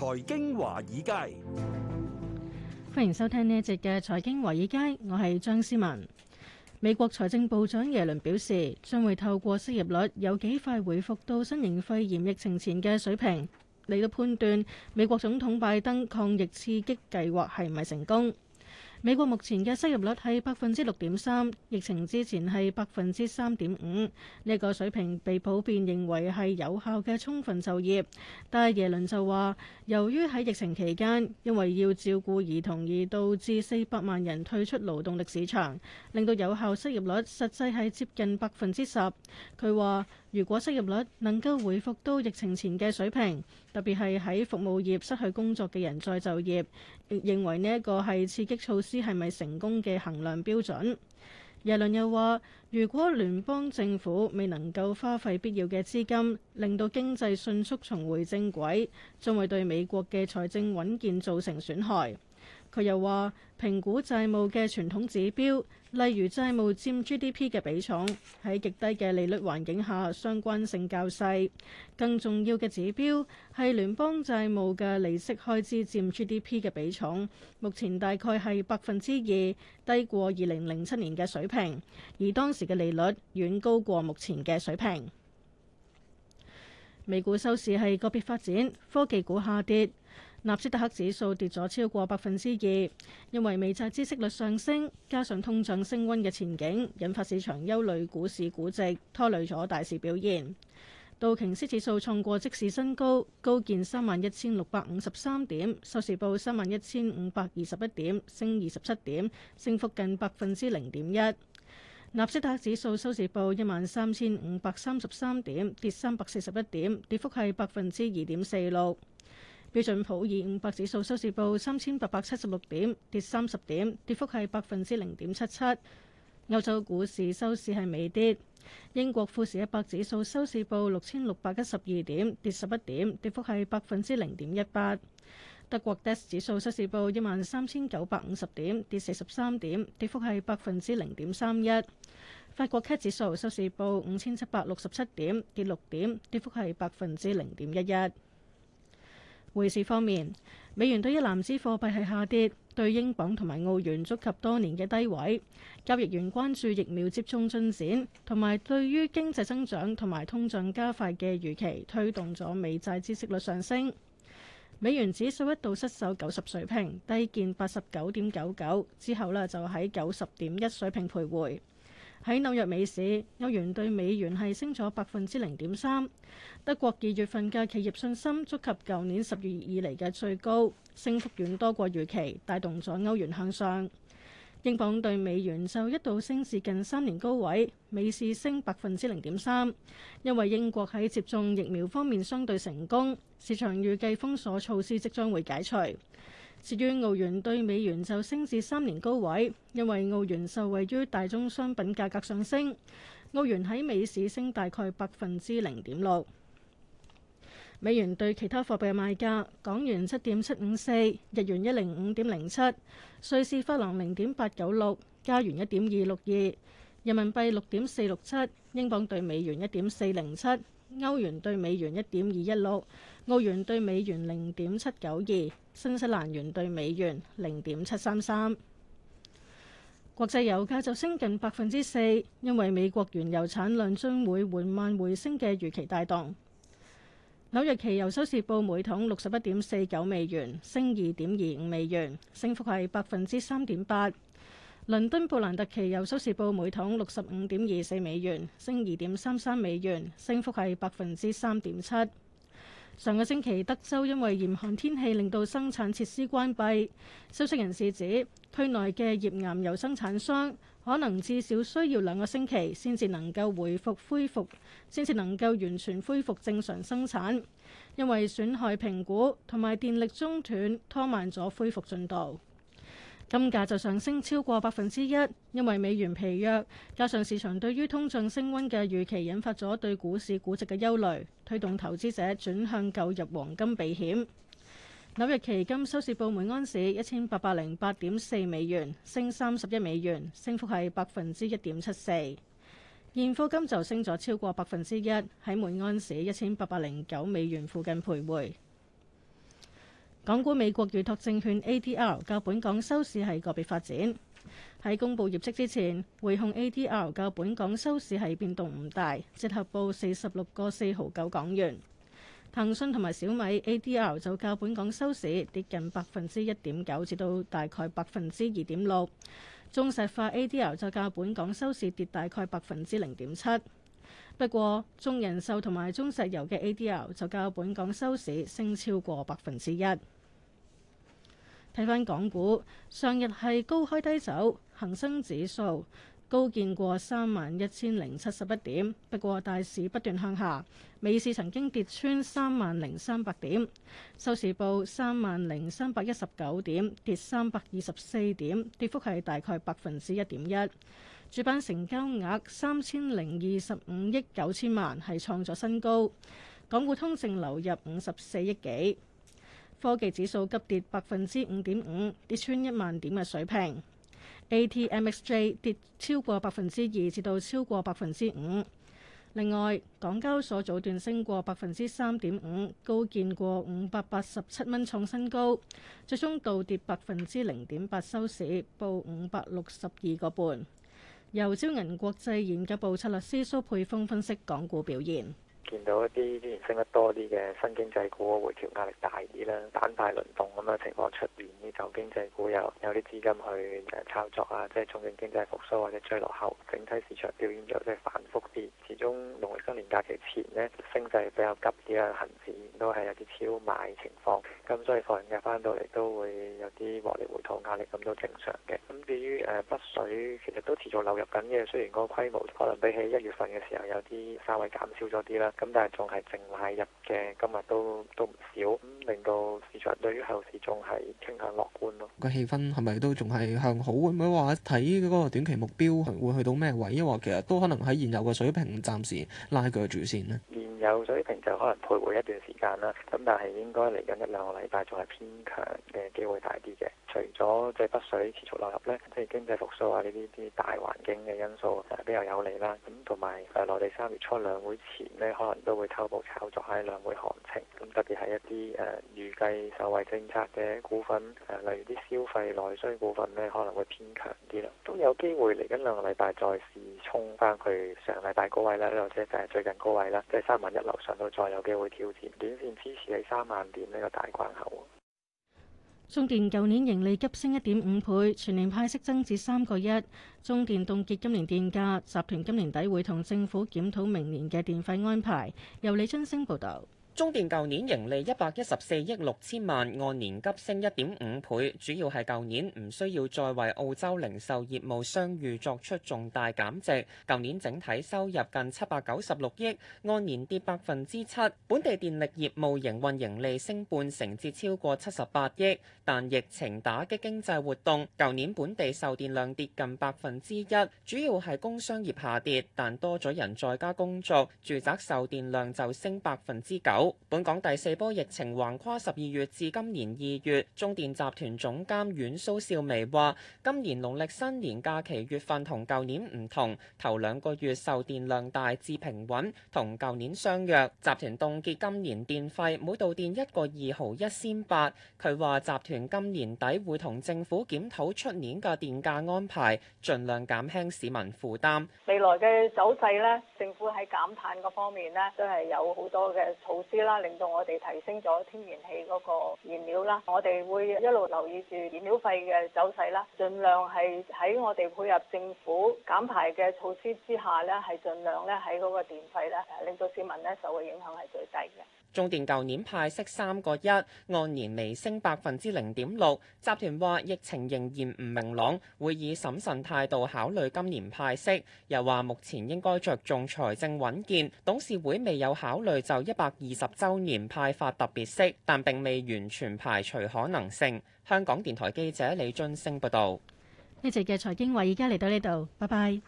財經華爾街，歡迎收聽呢一節嘅財經華爾街，我係張思文。美國財政部長耶倫表示，將會透過失業率有幾快回復到新型肺炎疫情前嘅水平嚟到判斷美國總統拜登抗疫刺激計劃係唔係成功。美國目前嘅失業率係百分之六點三，疫情之前係百分之三點五，呢個水平被普遍認為係有效嘅充分就業。但係耶倫就話，由於喺疫情期間，因為要照顧兒童而導致四百萬人退出勞動力市場，令到有效失業率實際係接近百分之十。佢話。如果失業率能夠回復到疫情前嘅水平，特別係喺服務業失去工作嘅人再就業，認為呢一個係刺激措施係咪成功嘅衡量標準？耶倫又話：如果聯邦政府未能夠花費必要嘅資金，令到經濟迅速重回正軌，將會對美國嘅財政穩健造成損害。佢又話：評估債務嘅傳統指標，例如債務佔 GDP 嘅比重，喺極低嘅利率環境下，相關性較細。更重要嘅指標係聯邦債務嘅利息開支佔 GDP 嘅比重，目前大概係百分之二，低過二零零七年嘅水平，而當時嘅利率遠高過目前嘅水平。美股收市係個別發展，科技股下跌。納斯達克指數跌咗超過百分之二，因為美債孳息率上升，加上通脹升温嘅前景，引發市場憂慮股市估值，拖累咗大市表現。道瓊斯指數創過即時新高，高見三萬一千六百五十三點，收市報三萬一千五百二十一點，升二十七點，升幅近百分之零點一。納斯達克指數收市報一萬三千五百三十三點，跌三百四十一點，跌幅係百分之二點四六。標準普爾五百指數收市報三千八百七十六點，跌三十點，跌幅係百分之零點七七。歐洲股市收市係未跌，英國富時一百指數收市報六千六百一十二點，跌十一點，跌幅係百分之零點一八。德國 DAX 指數收市報一萬三千九百五十點，跌四十三點，跌幅係百分之零點三一。法國 CAC 指數收市報五千七百六十七點，跌六點，跌幅係百分之零點一一。匯市方面，美元對一籃子貨幣係下跌，對英鎊同埋澳元觸及多年嘅低位。交易員關注疫苗接種進展同埋對於經濟增長同埋通脹加快嘅預期，推動咗美債孳息率上升。美元指數一度失守九十水平，低見八十九點九九，之後呢，就喺九十點一水平徘徊。喺紐約美市，歐元對美元係升咗百分之零點三。德國二月份嘅企業信心觸及舊年十月以嚟嘅最高，升幅遠多過預期，帶動咗歐元向上。英鎊對美元就一度升至近三年高位，美市升百分之零點三，因為英國喺接種疫苗方面相對成功，市場預計封鎖措施即將會解除。至於澳元對美元就升至三年高位，因為澳元受惠於大宗商品價格上升。澳元喺美市升大概百分之零點六。美元對其他貨幣賣價：港元七點七五四，日元一零五點零七，瑞士法郎零點八九六，加元一點二六二，人民幣六點四六七，英鎊對美元一點四零七。歐元對美元一點二一六，澳元對美元零點七九二，新西蘭元對美元零點七三三。國際油價就升近百分之四，因為美國原油產量將會緩慢回升嘅預期帶動。紐約期油收市報每桶六十一點四九美元，升二點二五美元，升幅係百分之三點八。倫敦布蘭特期油收市報每桶六十五點二四美元，升二點三三美元，升幅係百分之三點七。上個星期德州因為嚴寒天氣令到生產設施關閉，消息人士指，區內嘅頁岩油生產商可能至少需要兩個星期，先至能夠恢復恢復，先至能夠完全恢復正常生產，因為損害評估同埋電力中斷拖慢咗恢復進度。金價就上升超過百分之一，因為美元疲弱，加上市場對於通脹升溫嘅預期，引發咗對股市估值嘅憂慮，推動投資者轉向購入黃金避險。紐約期金收市報每安士一千八百零八點四美元，升三十一美元，升幅係百分之一點七四。現貨金就升咗超過百分之一，喺每安士一千八百零九美元附近徘徊。港股美國預託證券 ADR 較本港收市係個別發展，喺公布業績之前，匯控 ADR 較本港收市係變動唔大，折合報四十六個四毫九港元。騰訊同埋小米 ADR 就較本港收市跌近百分之一點九，至到大概百分之二點六。中石化 ADR 就較本港收市跌大概百分之零點七。不過，中人壽同埋中石油嘅 ADR 就較本港收市升超過百分之一。睇翻港股，上日係高開低走，恒生指數高見過三萬一千零七十一點，不過大市不斷向下，尾市曾經跌穿三萬零三百點，收市報三萬零三百一十九點，跌三百二十四點，跌幅係大概百分之一點一。主板成交額三千零二十五億九千萬，係創咗新高。港股通淨流入五十四億幾。科技指數急跌百分之五點五，跌穿一萬點嘅水平，AT。A T M x J ATMXJ 跌超過百分之二，至到超過百分之五。另外，港交所早段升過百分之三點五，高見過五百八十七蚊，創新高最終。最終倒跌百分之零點八收市報，報五百六十二個半。由招銀國際研究部策略師蘇佩峰分析港股表現。見到一啲之前升得多啲嘅新經濟股，回調壓力大啲啦。板塊輪動咁嘅情況出現，呢舊經濟股有有啲資金去誒炒作啊，即係重振經濟復甦或者追落後，整體市場表現就即係反覆啲。始終農曆新年假期前呢，升勢比較急啲啊，恒指都係有啲超買情況，咁所以放緊假翻到嚟都會有啲獲利回吐壓力，咁都正常嘅。咁至於誒北水，其實都持續流入緊嘅，雖然個規模可能比起一月份嘅時候有啲稍微減少咗啲啦。咁但係仲係淨買入嘅，今日都都唔少，咁令到市場對於後市仲係傾向樂觀咯。個氣氛係咪都仲係向好？會唔會話睇佢個短期目標會去到咩位？因為其實都可能喺現有嘅水平暫時拉佢個主線。呢現有水平就可能徘徊一段時間啦。咁但係應該嚟緊一兩個禮拜仲係偏強嘅機會大啲嘅。除咗即係北水持續流入咧，即係經濟復甦啊呢啲啲大環境嘅因素就係比較有利啦。咁同埋誒內地三月初兩會前呢。可能都會偷步炒作喺兩會行情，咁特別係一啲誒預計受惠政策嘅股份，誒、呃、例如啲消費內需股份咧，可能會偏強啲啦。都有機會嚟緊兩個禮拜再試衝翻佢上禮拜高位啦，即係最近高位啦，即係三萬一樓上都再有機會挑戰短線支持你三萬點呢個大關口。中電舊年盈利急升一點五倍，全年派息增至三個一。中電凍結今年電價，集團今年底會同政府檢討明年嘅電費安排。由李春升報導。中電舊年盈利一百一十四億六千萬，按年急升一點五倍，主要係舊年唔需要再為澳洲零售業務商譽作出重大減值。舊年整體收入近七百九十六億，按年跌百分之七。本地電力業務營運盈利升半成，至超過七十八億。但疫情打擊經濟活動，舊年本地售電量跌近百分之一，主要係工商業下跌，但多咗人在家工作，住宅售電量就升百分之九。本港第四波疫情橫跨十二月至今年二月，中電集團總監阮蘇少薇話，今年農曆新年假期月份同舊年唔同，頭兩個月售電量大致平穩，同舊年相若。集團凍結今年電費每度電一個二毫一仙八。佢話集團今年底會同政府檢討出年嘅電價安排，盡量減輕市民負擔。未來嘅走勢咧，政府喺減碳嗰方面咧，都係有好多嘅措施。啦，令到我哋提升咗天然氣嗰個燃料啦。我哋會一路留意住燃料費嘅走勢啦，盡量係喺我哋配合政府減排嘅措施之下咧，係盡量咧喺嗰個電費咧，令到市民咧受嘅影響係最低嘅。中電舊年派息三個一，按年微升百分之零點六。集團話疫情仍然唔明朗，會以審慎態度考慮今年派息。又話目前應該着重財政穩健，董事會未有考慮就一百二十週年派發特別息，但並未完全排除可能性。香港電台記者李津升報導。一直嘅財經話，而家嚟到呢度，拜拜。